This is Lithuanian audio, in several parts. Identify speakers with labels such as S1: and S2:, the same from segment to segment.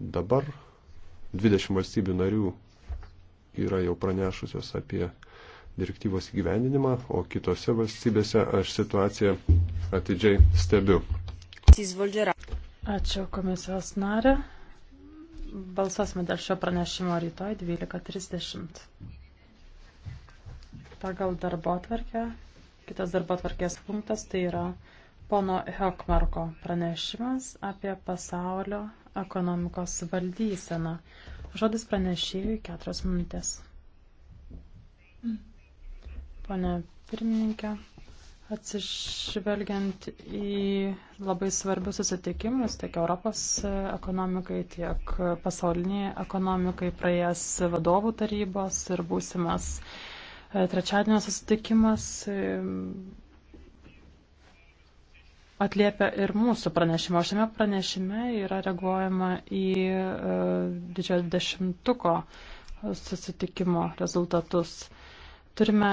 S1: Dabar 20 valstybių narių yra jau pranešusios apie direktyvos įgyvendinimą, o kitose valstybėse aš situaciją atidžiai stebiu.
S2: Ačiū komisijos narė. Balsuosime dėl šio pranešimo rytoj 12.30. Pagal darbo atvarkę, kitas darbo atvarkės punktas tai yra pono Hekmarko pranešimas apie pasaulio ekonomikos valdyseną. Žodis pranešėjui keturios minutės. Pane pirmininkė, atsižvelgiant į labai svarbius susitikimus tiek Europos ekonomikai, tiek pasauliniai ekonomikai praėjęs vadovų tarybos ir būsimas trečiadienio susitikimas atliepia ir mūsų pranešimą. O šiame pranešime yra reaguojama į e, didžiojo dešimtuko susitikimo rezultatus. Turime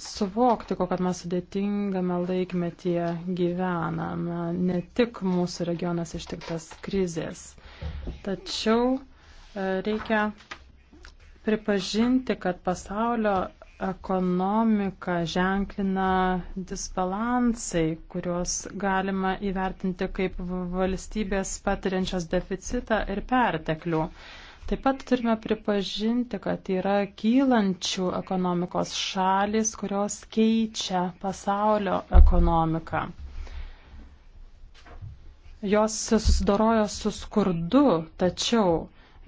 S2: suvokti, kokią mes sudėtingame laikmetyje gyvename, ne tik mūsų regionas ištiktas krizės. Tačiau e, reikia pripažinti, kad pasaulio ekonomiką ženklina disbalansai, kuriuos galima įvertinti kaip valstybės patiriančios deficitą ir perteklių. Taip pat turime pripažinti, kad yra kylančių ekonomikos šalis, kurios keičia pasaulio ekonomiką. Jos susidorojo su skurdu, tačiau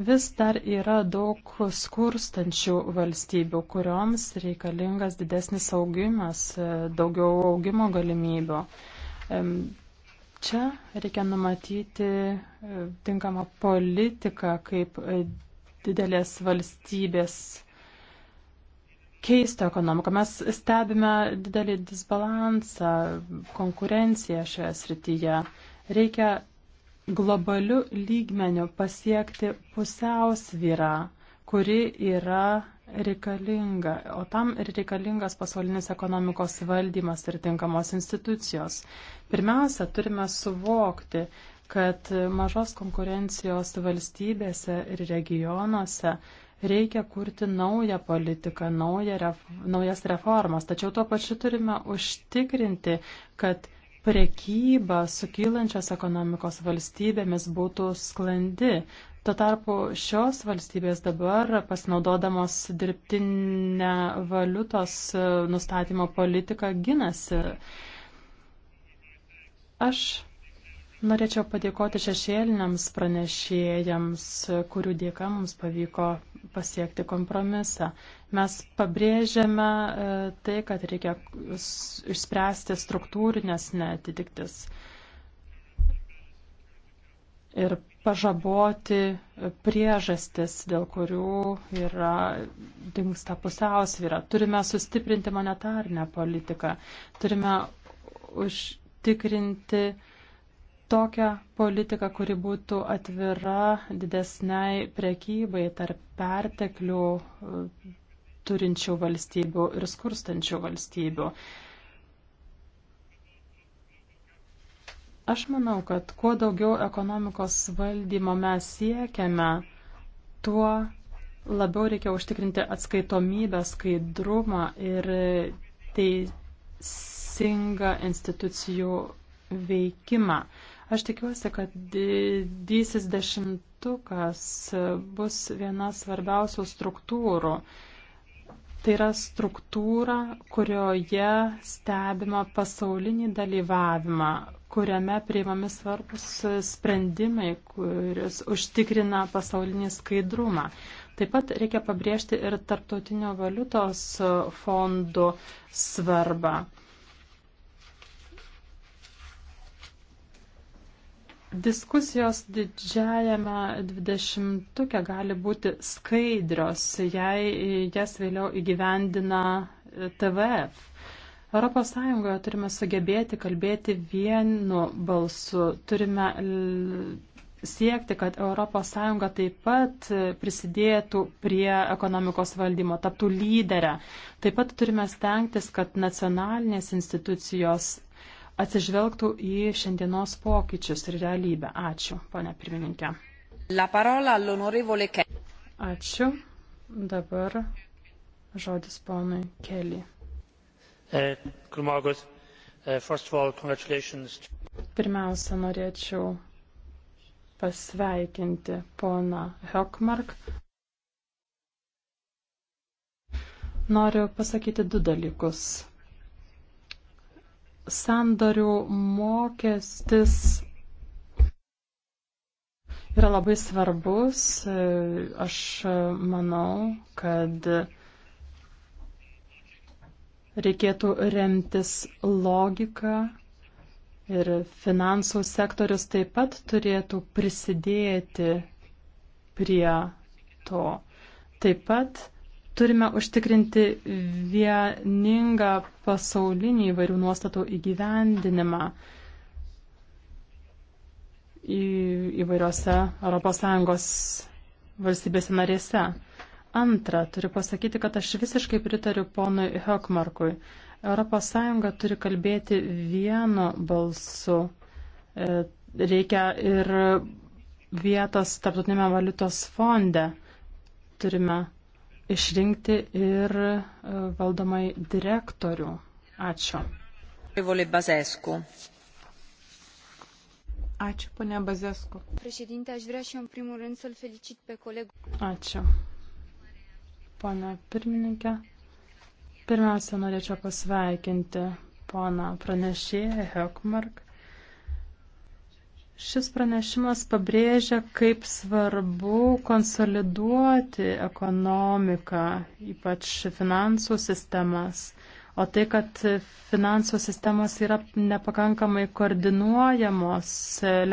S2: Vis dar yra daug skurstančių valstybių, kurioms reikalingas didesnis augimas, e, daugiau augimo galimybių. Čia reikia numatyti e, tinkamą politiką, kaip e, didelės valstybės keistą ekonomiką. Mes stebime didelį disbalansą, konkurenciją šioje srityje. Reikia globaliu lygmeniu pasiekti pusiausvyrą, kuri yra reikalinga, o tam ir reikalingas pasaulinis ekonomikos valdymas ir tinkamos institucijos. Pirmiausia, turime suvokti, kad mažos konkurencijos valstybėse ir regionuose reikia kurti naują politiką, naują ref, naujas reformas, tačiau tuo pačiu turime užtikrinti, kad prekyba su kylančios ekonomikos valstybėmis būtų sklandi. Tuo tarpu šios valstybės dabar, pasinaudodamos dirbtinę valiutos e, nustatymo politiką, ginasi. Aš Norėčiau padėkoti šešėliniams pranešėjams, kurių dėka mums pavyko pasiekti kompromisą. Mes pabrėžiame e, tai, kad reikia išspręsti struktūrinės netitiktis ir pažaboti priežastis, dėl kurių yra dinksta pusiausvyra. Turime sustiprinti monetarinę politiką, turime užtikrinti uh, tokią politiką, kuri būtų atvira didesniai prekybai tarp perteklių e, turinčių valstybių ir skurstančių valstybių. Aš manau, kad kuo daugiau ekonomikos valdymo mes siekiame, tuo labiau reikia užtikrinti atskaitomybę, skaidrumą ir teisingą institucijų veikimą. Aš tikiuosi, kad didysis dešimtukas bus viena svarbiausių struktūrų. Tai yra struktūra, kurioje stebima pasaulinį dalyvavimą, kuriame priimami svarbus sprendimai, kuris užtikrina pasaulinį skaidrumą. Taip pat reikia pabrėžti ir tarptautinio valiutos fondų svarbą. Diskusijos didžiajame dvidešimtuke gali būti skaidrios, jei jas vėliau įgyvendina TVF. ES turime sugebėti kalbėti vienu balsu, turime siekti, kad ES taip pat prisidėtų prie ekonomikos valdymo, taptų lyderę. Taip pat turime stengtis, kad nacionalinės institucijos atsižvelgtų į šiandienos pokyčius ir realybę. Ačiū, ponia pirmininkė. La parola all'onorevole Kelly. Ačiū. Dabar žodis ponui Kelly. Uh, eh, eh, Pirmiausia, norėčiau pasveikinti poną Hökmark. Noriu pasakyti du dalykus sandorių mokestis yra labai svarbus. Aš manau, kad reikėtų remtis logiką ir finansų sektorius taip pat turėtų prisidėti prie to. Taip pat Turime užtikrinti vieningą pasaulinį įvairių nuostatų įgyvendinimą į, įvairiose ES valstybėse narėse. Antra, turiu pasakyti, kad aš visiškai pritariu ponui Hökmarkui. ES turi kalbėti vienu balsu. E, reikia ir vietos tarptautinėme valiutos fonde. Turime išrinkti ir e, valdomai direktorių. Ačiū. Ačiū, ponia Bazescu.
S3: Președinte, aș vrea și eu în primul rând să-l felicit pe colegul.
S2: Ačiū. Pone pirmininkė, pirmiausia, norėčiau pasveikinti poną pranešėją Hekmark Šis pranešimas pabrėžia, kaip svarbu konsoliduoti ekonomiką, ypač finansų sistemas. O tai, kad finansų sistemos yra nepakankamai koordinuojamos,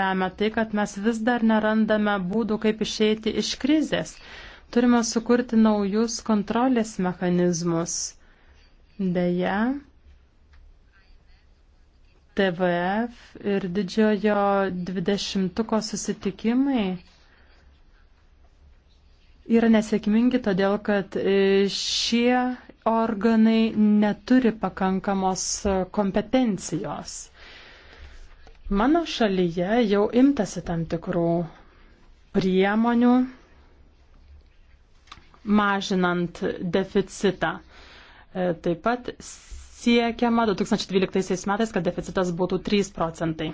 S2: lemia tai, kad mes vis dar nerandame būdų, kaip išeiti iš krizės. Turime sukurti naujus kontrolės mechanizmus. Deja, TVF ir didžiojo dvidešimtuko susitikimai yra nesėkmingi, todėl kad e, šie organai neturi pakankamos e, kompetencijos. Mano šalyje jau imtasi tam tikrų priemonių mažinant deficitą. E, taip pat siekiama 2012 metais, kad deficitas būtų 3 procentai.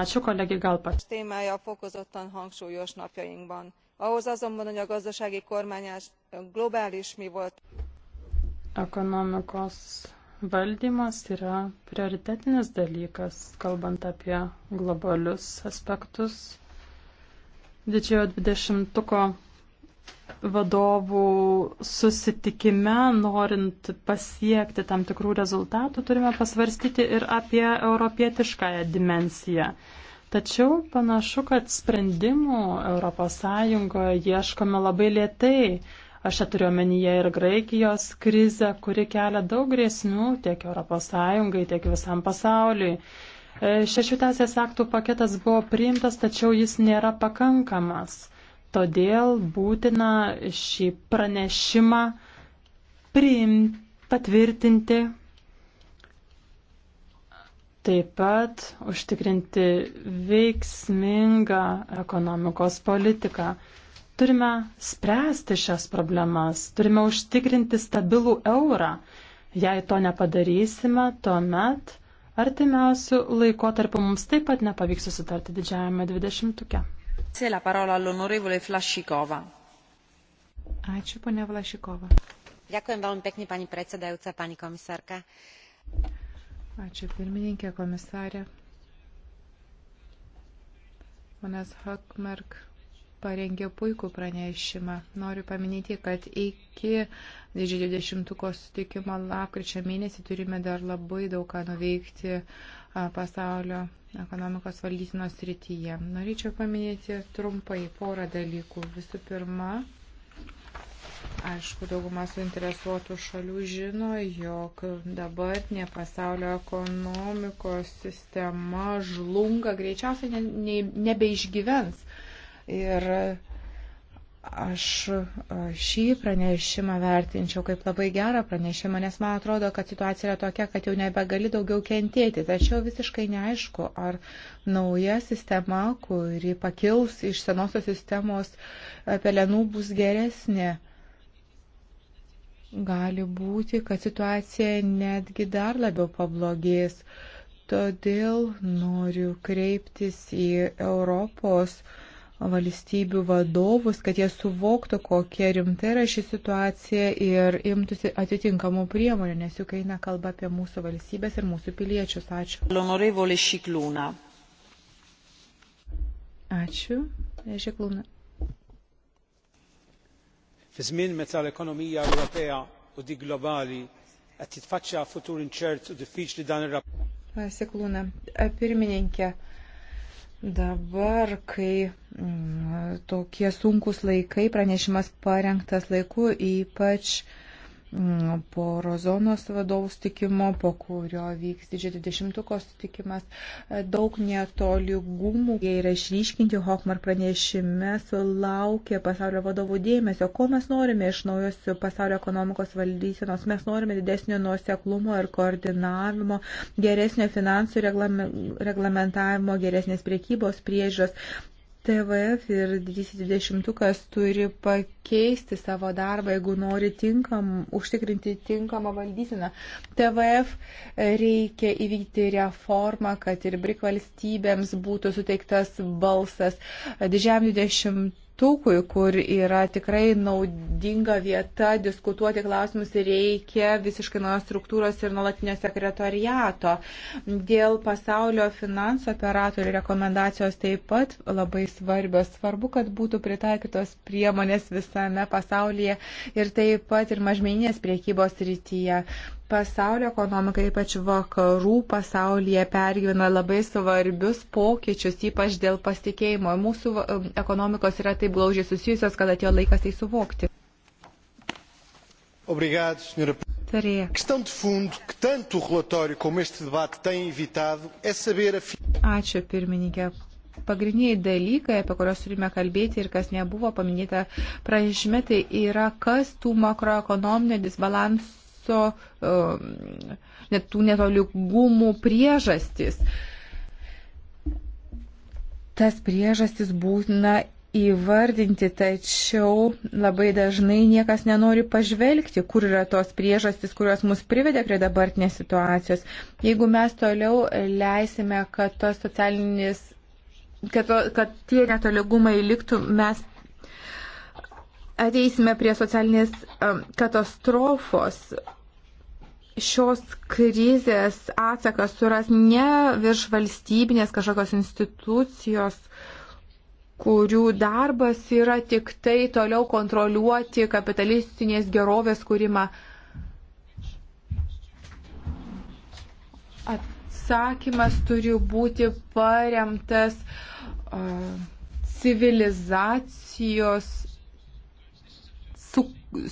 S3: Ačiū kolegi Galpat. témája fokozottan hangsúlyos napjainkban. Ahhoz azonban, hogy a gazdasági kormányás globális mi volt.
S2: Ekonomikos valdymas yra prioritetinis dalykas, kalbant apie globalius aspektus. Didžiojo dvidešimtuko vadovų susitikime, norint pasiekti tam tikrų rezultatų, turime pasvarstyti ir apie europietiškąją dimensiją. Tačiau panašu, kad sprendimų ES ieškome labai lietai. Aš čia turiu omenyje ir Graikijos krizę, kuri kelia daug grėsmių tiek ES, tiek visam pasauliui. E, šešių teisės aktų paketas buvo priimtas, tačiau jis nėra pakankamas. Todėl būtina šį pranešimą priimti, patvirtinti, taip pat užtikrinti veiksmingą ekonomikos politiką. Turime spręsti šias problemas, turime užtikrinti stabilų eurą. Jei to nepadarysime, tuomet artimiausių laikotarpių mums taip pat nepavyks susitarti didžiajame dvidešimtuke. Ačiū, ponia Vlašikova.
S3: Ďakujem veľmi pekne, pani predsedajúca, pani komisárka. Ačiū, pirmininkė, komisarė. Manas Hakmerk parengė puikų pranešimą. Noriu paminėti, kad iki didžiojo dešimtuko sutikimo lapkričio mėnesį turime dar labai daug ką nuveikti. Uh, pasaulio ekonomikos valdytinos rytyje. Norėčiau paminėti trumpai porą dalykų. Visų pirma, aišku, dauguma suinteresuotų šalių žino, jog dabartinė pasaulio ekonomikos sistema žlunga, greičiausiai ne, ne, nebeišgyvens. Ir Aš šį pranešimą vertinčiau kaip labai gerą pranešimą, nes man atrodo, kad situacija yra tokia, kad jau nebegali daugiau kentėti. Tačiau visiškai neaišku, ar nauja sistema, kuri pakils iš senosios sistemos pelenų, bus geresnė. Gali būti, kad situacija netgi dar labiau pablogės. Todėl noriu kreiptis į Europos uh, valstybių vadovus, kad jie suvoktų, kokia rimta yra ši situacija ir imtųsi atitinkamų priemonių, nes juk eina kalba apie mūsų valstybės ir mūsų piliečius. Ačiū. Ačiū. Žiklūna. Fi żmien meta l-ekonomija Ewropea u dik globali qed titfaċċja futur inċert u diffiċli dan ir-rapport. Siklūna, eh, pirmininkė, Dabar, kai m, mm, tokie sunkus laikai, pranešimas parengtas laiku, ypač uh, Mm, po Rozonos vadovų stikimo, po kurio vyks didžiai 20-ko sutikimas, e, daug netolygumų, jie yra išryškinti Hokmar pranešime, sulaukė pasaulio vadovų dėmesio. Ko mes norime iš naujos pasaulio ekonomikos valdysenos? Mes norime didesnio nuoseklumo ir koordinavimo, geresnio finansų reglame, reglamentavimo, geresnės priekybos priežios. TVF ir didysis dvidešimtukas turi pakeisti savo darbą, jeigu nori tinkam, užtikrinti tinkamą valdysiną. TVF reikia įvykti reformą, kad ir BRIK valstybėms būtų suteiktas balsas. Didžiam dvidešimtukui patiktukui, kur yra tikrai naudinga vieta diskutuoti klausimus ir reikia visiškai naujos struktūros ir nuolatinio sekretoriato. Dėl pasaulio finansų operatorių rekomendacijos taip pat labai svarbios. Svarbu, kad būtų pritaikytos priemonės visame pasaulyje ir taip pat ir mažmeninės priekybos rytyje. Pasaulio ekonomika, ypač vakarų pasaulyje, pergyvena labai svarbius pokyčius, ypač dėl pasitikėjimo. Mūsų ekonomikos yra taip glaužiai susijusios, kad atėjo laikas tai suvokti.
S1: Obrigado, senhora
S3: Presidente. A questão de fundo
S1: que tanto o relatório como este debate têm evitado é saber a.
S3: Ačiū, pirmininkė pagrindiniai dalykai, apie kuriuos turime kalbėti ir kas nebuvo paminėta pranešime, tai yra, kas tų makroekonominio disbalansų viso, um, net tų netolygumų priežastis. Tas priežastis būtina įvardinti, tačiau labai dažnai niekas nenori pažvelgti, kur yra tos priežastys, kurios mus privedė prie dabartinės situacijos. Jeigu mes toliau leisime, kad tos socialinis kad, kad tie netolygumai liktų, mes ateisime prie socialinės katastrofos, šios krizės atsakas suras ne virš valstybinės kažkokios institucijos, kurių darbas yra tik tai toliau kontroliuoti kapitalistinės gerovės kūrimą. Atsakymas turi būti paremtas uh, civilizacijos su,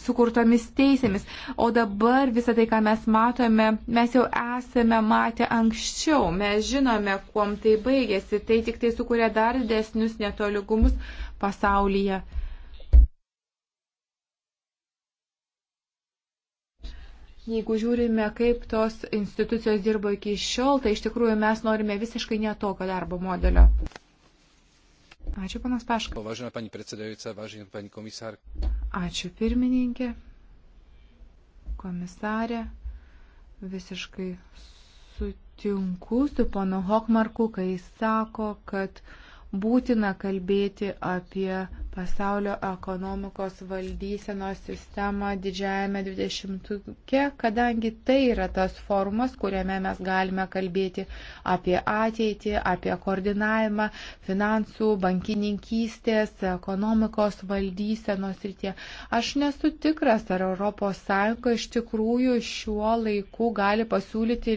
S3: sukurtomis teisėmis. O dabar visą tai, ką mes matome, mes jau esame matę anksčiau, mes žinome, kuom tai baigėsi. Tai tik tai sukuria dar didesnius netoligumus pasaulyje. Jeigu žiūrime, kaip tos institucijos dirbo iki šiol, tai iš tikrųjų mes norime visiškai netokio darbo modelio. Ačiū, panas Paška. Vážená pani predsedajúca, vážená pani komisár. Ačiū pirmininkė, komisarė, visiškai sutinku su ponu Hokmarku, kai jis sako, kad būtina kalbėti apie pasaulio ekonomikos valdysenos sistemą didžiajame 20-ke, kadangi tai yra tas formas, kuriame mes galime kalbėti apie ateitį, apie koordinavimą finansų, bankininkystės, ekonomikos valdysenos rytie. Aš nesu tikras, ar ES iš tikrųjų šiuo laiku gali pasiūlyti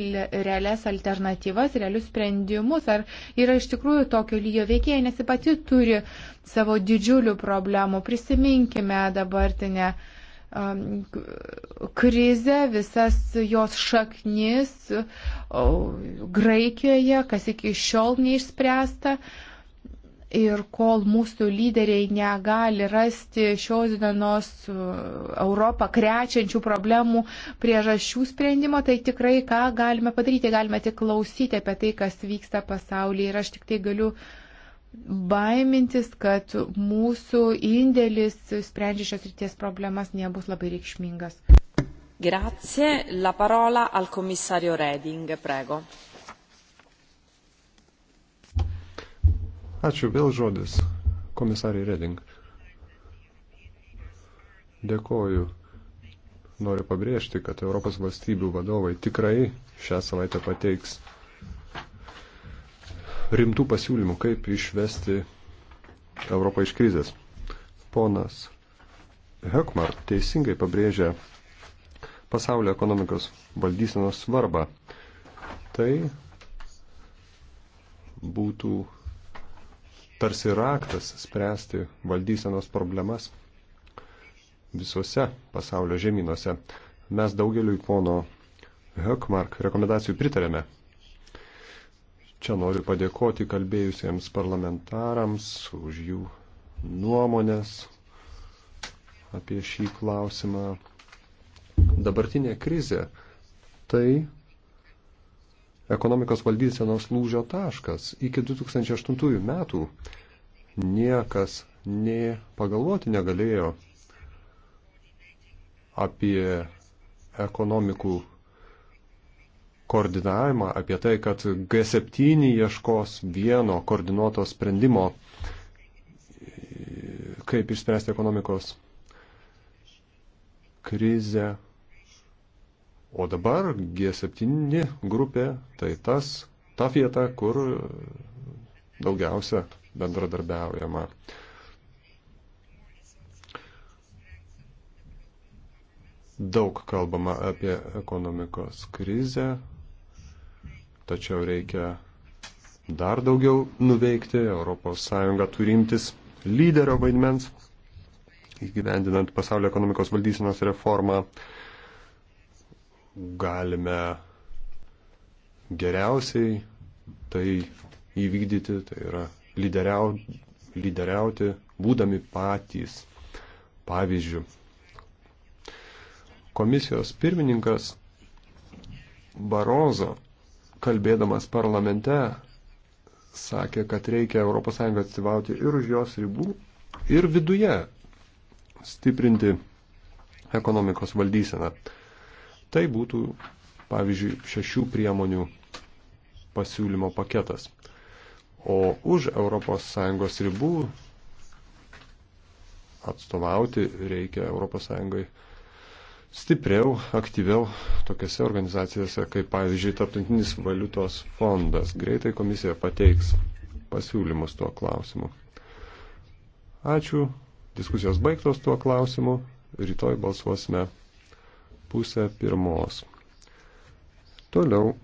S3: realias alternatyvas, realius sprendimus, ar yra iš tikrųjų tokio lygio veikėjai, nes ji pati turi savo didžiulių problemų. Prisiminkime dabartinę um, krizę, visas jos šaknis Graikijoje, kas iki šiol neišspręsta. Ir kol mūsų lyderiai negali rasti šios dienos uh, Europą krečiančių problemų priežasčių sprendimo, tai tikrai ką galime padaryti, galime tik klausyti apie tai, kas vyksta pasaulyje. Ir aš tik tai galiu uh, baimintis, kad mūsų indėlis sprendžia šios ryties problemas nebus labai reikšmingas. Grazie. La parola al commissario Reding, prego.
S1: Ačiū, vėl žodis komisariai Reding. Dėkoju. Noriu pabrėžti, kad Europos valstybių vadovai tikrai šią savaitę pateiks rimtų pasiūlymų, kaip išvesti Europą iš krizės. Ponas Hekmar teisingai pabrėžia pasaulio ekonomikos valdysenos svarbą. Tai būtų tarsi raktas spręsti valdysenos problemas visose pasaulio žemynuose. Mes daugeliui pono Hökmark rekomendacijų pritarėme. Čia noriu padėkoti kalbėjusiems parlamentarams už jų nuomonės apie šį klausimą. Dabartinė krizė tai ekonomikos valdysenos lūžio taškas. Iki 2008 metų niekas nė pagalvoti negalėjo apie ekonomikų koordinavimą, apie tai, kad G7 ieškos vieno koordinuoto sprendimo, kaip išspręsti ekonomikos krizę. O dabar G7 grupė tai tas, ta vieta, kur daugiausia bendradarbiaujama. Daug kalbama apie ekonomikos krizę, tačiau reikia dar daugiau nuveikti. ES turi imtis lyderio vaidmens, įgyvendinant pasaulio ekonomikos valdysenos reformą. Galime geriausiai tai įvykdyti, tai yra lyderiau, lyderiauti, būdami patys. Pavyzdžių. Komisijos pirmininkas Barozo kalbėdamas parlamente, sakė, kad reikia ES atsivauti ir už jos ribų, ir viduje stiprinti ekonomikos valdyseną. Tai būtų, pavyzdžiui, šešių priemonių pasiūlymo paketas. O už ES ribų atstovauti reikia ES stipriau, aktyviau tokiose organizacijose, kaip pavyzdžiui, Tarptautinis valiutos fondas. Greitai komisija pateiks pasiūlymus tuo klausimu. Ačiū. Diskusijos baigtos tuo klausimu. Rytoj balsuosime pusę pirmos. Toliau